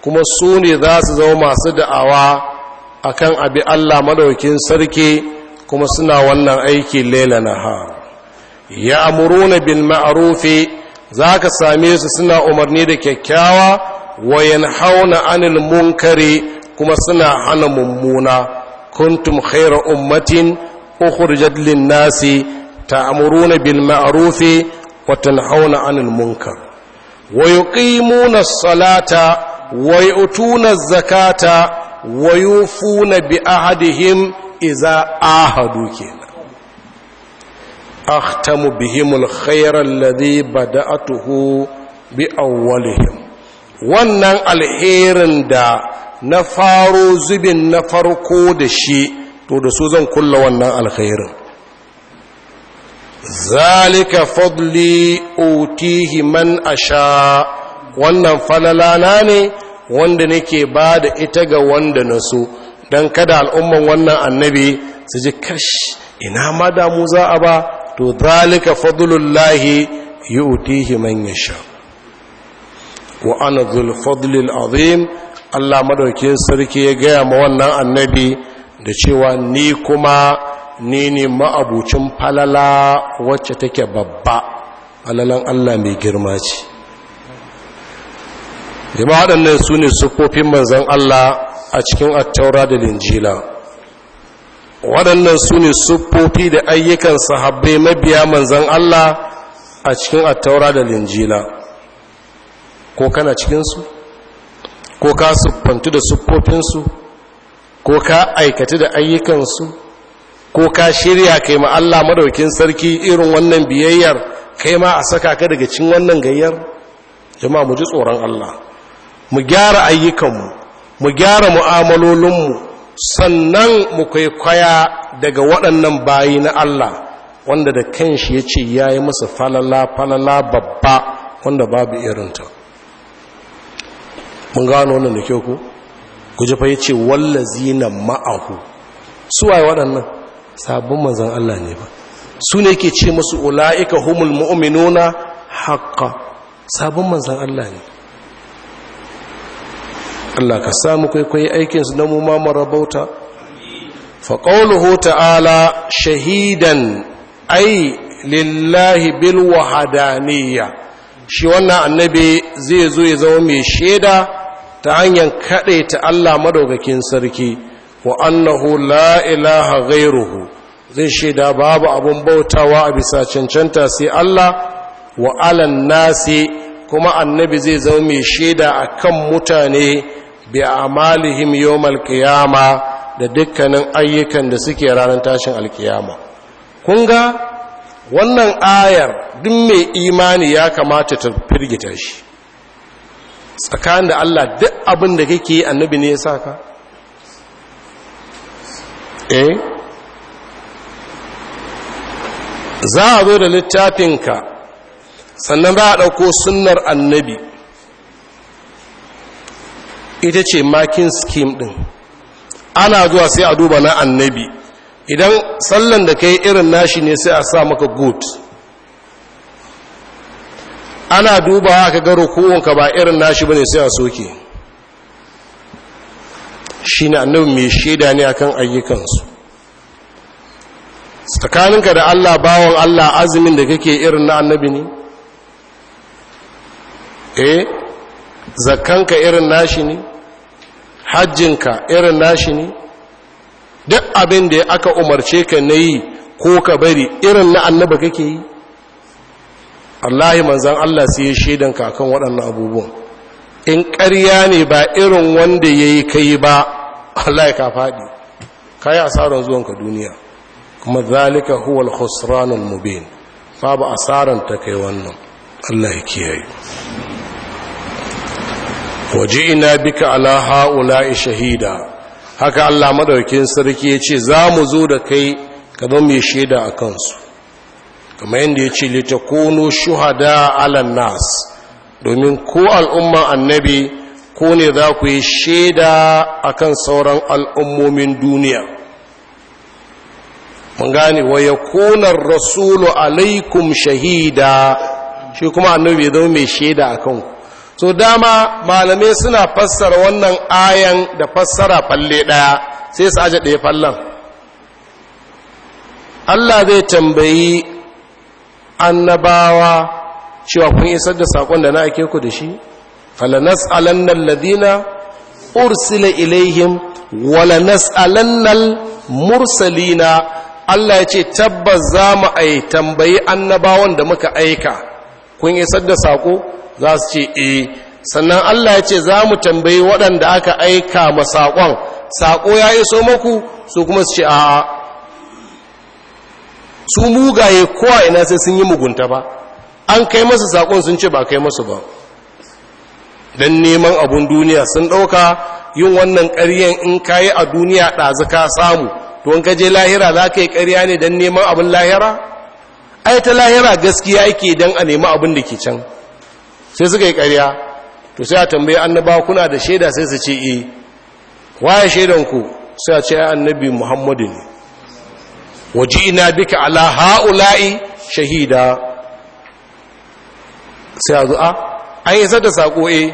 kuma su ne za su zama masu da'awa akan abi Allah madaukin sarki kuma suna wannan aiki lela nahar ya'muruna bil ma'rufi za ka same su suna umarni da kyakkyawa wayan hauna anil munkari kuma suna hana mummuna kuntum khaira ummatin ukhrijat lin nasi ta'muruna bil ma'rufi wa tanhauna anil munkar wa yuqimuna salata wa yu'tuna zakata wa yufuna bi ahadihim idza ahadu ahtamu bihimul ba ladhi bada'atuhu bi awwalihim wannan alherin da na faro zubin na farko da shi to da su zan kulla wannan alherin zalika fadli utihi man asha wannan falalana ne wanda nake ba da ita ga wanda na so don kada al'umman wannan annabi su ji kash ina ma damu za a ba to zalika fadlullahi yu'tihi man yasha wa ana dhul fadli azim Allah madauke sarki ya gaya ma wannan annabi da cewa ni kuma ni ne ma'abucin falala wacce take babba falalan Allah mai girma ce jama'a waɗannan su ne sukofin manzan Allah a cikin attaura da linjila waɗannan su ne siffofi da ayyukan sahabbai mabiya manzan Allah a cikin attaura da linjila ko kana cikinsu ko ka siffantu da siffofinsu ko ka aikata da ayyukansu ko ka shirya kai ma Allah madaukin sarki irin wannan biyayyar kai ma a saka ka daga cin wannan gayyar jama mu ji tsoron Allah mu gyara ayyukanmu mu gyara mu'amalolinmu sannan mu kwaikwaya daga waɗannan bayi na Allah wanda da kanshi ya ce ya yi masa falala falala babba wanda babu irinta mun gano wannan da kyau ku guji fa ya ce wallazi na ma'ahu suwaye waɗannan sabon manzan Allah ne ba su ne ke ce masu ula'ika humul mu'minuna haƙa sabon manzan Allah ne Allah ka samu kwaikwayi aikinsu na mu ma marabauta faƙaunuhu ta'ala shahidan ai lillahi bil wahadaniya shi wannan annabi zai zo ya zama mai shaida ta hanyar kaɗe ta Allah madaukakin sarki wa annahu la ilaha gairuhu. zai shaida babu abun bautawa a bisa cancanta sai Allah wa alan nasi kuma annabi zai zama mai shaida a kan mutane bi amalihim yawmal qiyama da dukkanin ayyukan da suke ranar tashin alkiyama kun ga wannan ayar duk mai imani ya kamata ta firgita shi tsakanin da Allah duk abin da kake yi annabi ne ya saka eh za a zo da littafinka sannan za a ɗauko sunnar annabi ita ce makin skim din ana zuwa sai a duba na annabi idan sallan da yi irin nashi ne sai a sa maka good ana dubawa aka garo kowanka ba irin nashi bane sai a soke na annabi mai shaida ne akan ayyukansu tsakaninka da Allah bawon Allah azumin da kake irin na annabi ne eh zakanka irin nashi ne hajjinka irin nashi ne duk abin da aka umarce ka na yi ko ka bari irin na annaba kake yi allahi manzan allah sai ya shaidan kakan waɗannan abubuwan in ƙarya ne ba irin wanda ya yi kai ba allahi ka faɗi ka yi asarar zuwanka duniya kuma zalika huwal khusranul mubin babu asarar ta kai wannan allah ya kiyaye waji'ina bika ala haula'i shahida haka Allah madaukin sarki yace zamu zo da kai ka zama mai shaida a kansu kamar yadda yace litakunu shuhada Alan nas domin ko al'umma annabi ko ne za ku yi shaida akan sauran al'ummomin duniya mun gane wa yakuna rasulu alaikum shahida shi kuma annabi ya zama mai shaida akan ku so dama malamai suna fassara wannan ayan da fassara falle ɗaya sai su aje ɗaya fallan Allah zai tambayi annabawa cewa kun isar da saƙon da na ake ku da shi falanas alannan ladina ursila ilaihim walanas alannan mursalina Allah ya ce tabbas za mu ai tambayi annabawan da muka aika kun isar da saƙo za su ce e, sannan Allah ya ce za mu tambayi waɗanda aka aika ma saƙon saƙo ya iso maku su kuma su ce a'a su mugaye kowa ina sai sun yi mugunta ba an kai masu saƙon sun ce ba kai masu ba don neman abun duniya sun ɗauka yin wannan ƙaryen in ka yi a duniya ɗazu ka samu to wanka ka je lahira za ka yi ƙarya ne don neman abin lahira ai ta lahira gaskiya ake don a nemi abin da ke can sai suka yi ƙarya to sai a tambaye annabawa kuna da shaida sai su ce eh waye shaidanku sai a ce ya annabi muhammadu ne ina bika ala ha'ula'i shahida sai a zo ah, an yi da sako eh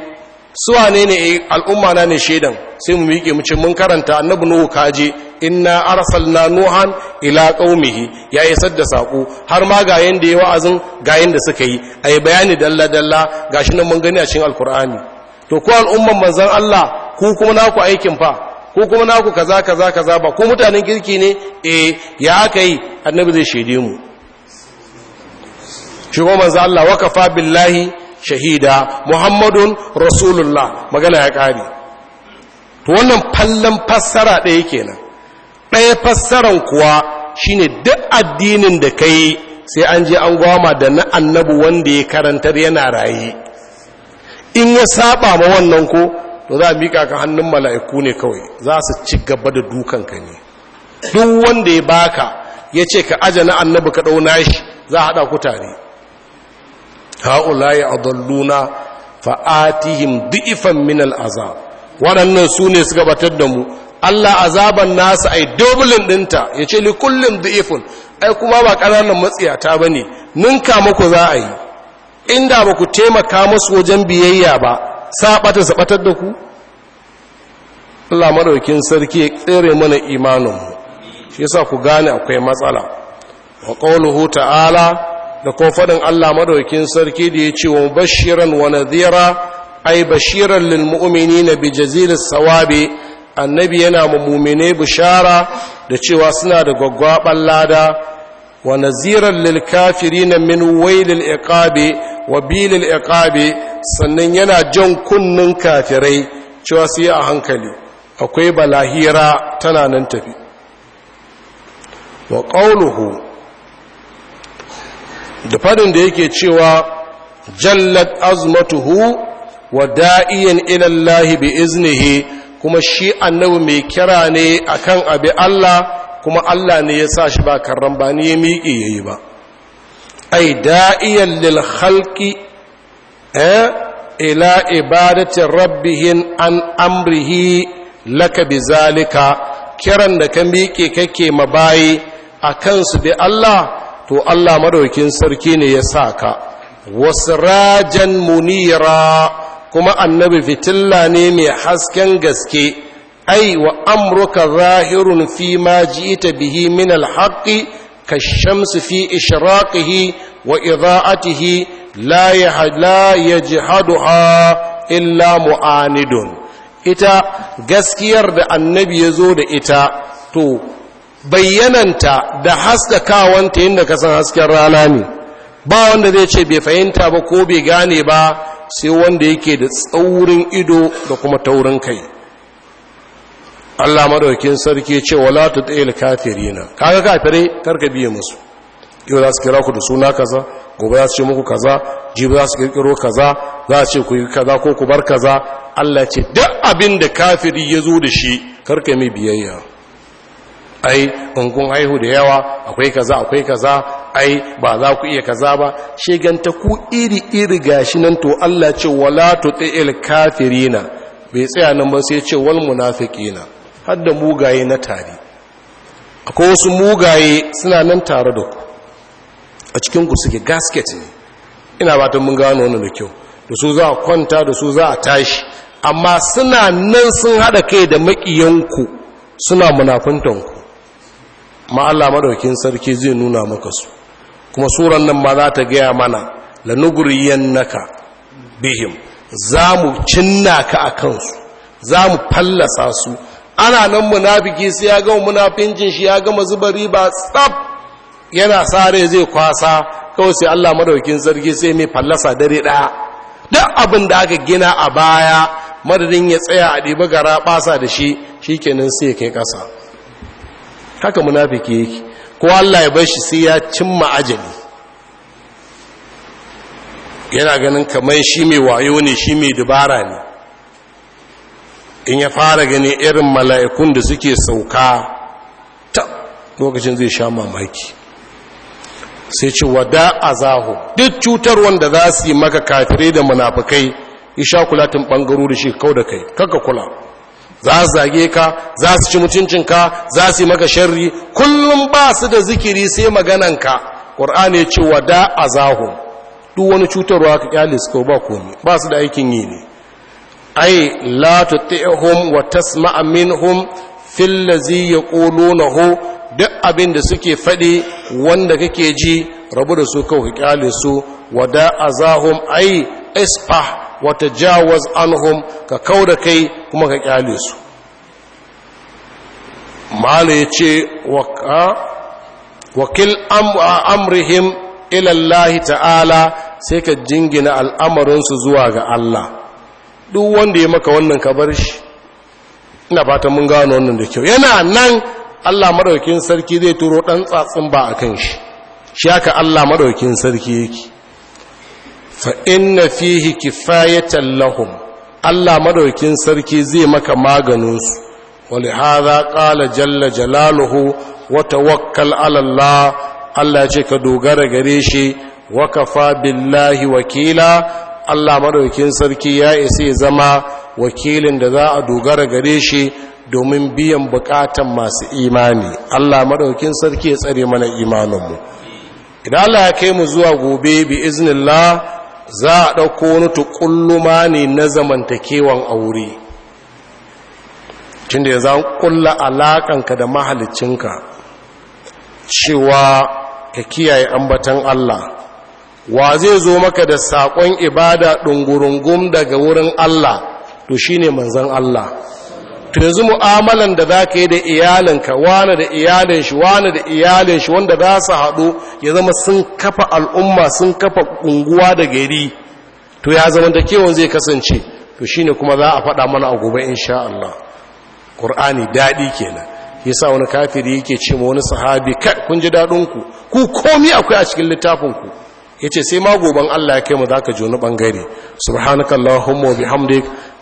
suwa ne ne eh, al'umma na ne shaidan sai mu miƙe mu ce mun karanta annabi nuhu kaje inna arsalna nuhan ila qaumihi ya isar da sako har ma ga yanda yayi wa'azin ga yanda suka yi ayi bayani dalla dalla gashi nan mun gani a cikin alqur'ani to ko al'umman manzon Allah ku kuma naku aikin fa ko kuma naku kaza kaza kaza ba ko mutanen kirki ne eh ya kai annabi zai shede mu shi ko manzon Allah wakafa billahi shahida muhammadun rasulullah magana ya kare to wannan fallan fassara da yake kenan ɗaya fassaran kuwa shi ne duk addinin da ka yi sai an je an gwama da na annabu wanda ya karantar yana raye in ya saba ma wannan ko to za a miƙa ka hannun mala'iku ne kawai za su ci gaba da dukanka ne duk wanda ya baka ya ce ka aja na annabu ka ɗauna shi za a haɗa ku tare ha'ulaye adalluna fa'atihim du'ifan min al'azab waɗannan su ne suka batar da mu Allah azaban nasa ai dublin dinta ya ce li kullum du'ifun ai kuma ba ƙananan matsiyata ba ne ninka muku za a yi inda ba ku taimaka musu wajen biyayya ba sabata sabatar da ku Allah madaukin sarki ya tsere mana imaninmu shi yasa ku gane akwai matsala wa qawluhu ta'ala da kuma faɗin Allah maɗaukin sarki da ya ce wa bashiran wa nadhira ai bashiran lil mu'minina bi jazilis sawabi annabi yana mummune bishara da cewa suna da gwaggwaban lada wa naziran lil kafirin min wailil iqabi wa bilil iqabi sannan yana jan kunnin kafirai cewa su yi a hankali akwai balahira tana nan tafi wa qawluhu da fadin da yake cewa jallat azmatuhu wa da'iyan ila Allah bi iznihi kuma shi annabi mai kira ne akan abi Allah kuma Allah ne ya sa shi ba karran ba ni ya miƙe ya yi ba ai da'iyan lil halki eh, ila ibadatin rabbihin an amrihi laka bi zalika kiran da ka miƙe kake bayi a kansu bi Allah to Allah madaukin sarki ne ya sa ka wasrajan munira kuma annabi fitilla ne mai hasken gaske ai wa amruka zahirun fi ma ita bihi min alhaqi kashamsi fi ishraqihi wa iza'atihi la yahla yajhaduha illa mu'anidun ita gaskiyar da annabi ya zo da ita to bayyananta da haskakawanta yadda ka san hasken rana ne ba wanda zai ce bai fahimta ba ko bai gane ba sai wanda yake da tsaurin ido da kuma taurin kai Allah madaukin sarki ce wala tutil kafirina kaga kafirai karka biye musu yau za su kira ku da suna kaza gobe za su ce muku kaza jibi za su kirkiro kaza za su ce ku kaza ko ku bar kaza Allah ce duk abin da kafiri ya zo da shi karka mai biyayya ai in kun haihu da yawa akwai kaza akwai kaza ai ba za ku iya kaza ba ganta ku iri iri gashi nan to Allah ce wala tuti'il kafirina bai tsaya nan ba sai ce wal munafiqina har da mugaye na tare akwai wasu mugaye suna nan tare da ku a cikin ku suke gasket ne ina ba ta mun gano wannan da kyau da su za a kwanta da su za a tashi amma suna nan sun hada kai da makiyanku suna munafuntanku ma Allah madaukin sarki zai nuna maka su kuma suran nan ma za ta gaya mana lanuguriyannaka bihim zamu cinna ka a kansu za fallasa su ana nan munafiki sai ya gama munafincin shi ya gama zuba riba tsaf yana sare zai kwasa kawai sai Allah madaukin sarki sai mai fallasa dare daya duk abin da aka gina a baya madadin ya tsaya a dibi gara ɓasa da shi shikenan sai kai ƙasa haka munafiki yake ko Allah ya bashi sai ya cimma ajali yana ganin kamar shi mai wayo ne shi mai dubara ne in ya fara gani irin mala'ikun da suke sauka ta lokacin zai sha mamaki sai ce wada zaho duk cutar wanda za su yi maka kafire da munafukai isha kula tun ɓangaro da shi kau da kai kakka kula za su zage ka za su ci mutuncinka za su yi maka sharri kullum ba su da zikiri sai magananka ƙur'ani ya ce wada a zahun duk wani cutarwa ka ƙyalis su ba komi ba su da aikin yi ne ai la tuti'hum wa tasma'a minhum fil ladzi yaqulunahu duk abin da suke faɗi wanda kake ji rabu da su kawai ƙyalis su wada azahum ai isfah wata jawaz anhum ka kauda kai kuma ka kyale su mala ya ce, wakil amrihim ilallahi ta'ala sai ka jingina al'amarinsu zuwa ga Allah duk wanda ya maka wannan ka bar shi ina fata mun gano wannan da kyau yana nan Allah maɗaukin sarki zai turo ɗan tsatsin ba a kan shi shi haka Allah maɗaukin sarki yake fa inna fihi kifayatan lahum Allah madaukin sarki zai maka maganin su ولهذا قال jalla جلاله wata wakkal الله Allah ce ka dogara gare shi wa kafa billahi wakila Allah madaukin sarki ya isa zama wakilin da za a dogara gare shi domin biyan bukatan masu imani Allah madaukin sarki ya tsare mana imaninmu idan Allah ya kai mu zuwa gobe bi iznillah za a ɗauko wani tukulluma ne na zamantakewan aure cin da ya za ƙulla alaƙanka da mahalicinka cewa ka kiyaye ambatan Allah wa zai zo maka da saƙon ibada ɗungurungun daga wurin Allah to shi ne manzan Allah to yanzu mu'amalan da za ka yi da iyalinka wane da iyalin shi wane da iyalin shi wanda za su haɗu ya zama sun kafa al'umma sun kafa ƙunguwa da gari to ya zama da kewan zai kasance to shine kuma za a faɗa mana a gobe insha Allah Qur'ani daɗi kenan sa wani kafiri yake ce ma wani sahabi kai kun ji daɗin ku ku komi akwai a cikin littafin ku ce sai ma gobe Allah ya kai mu zaka ji wani bangare subhanakallahumma wa bihamdik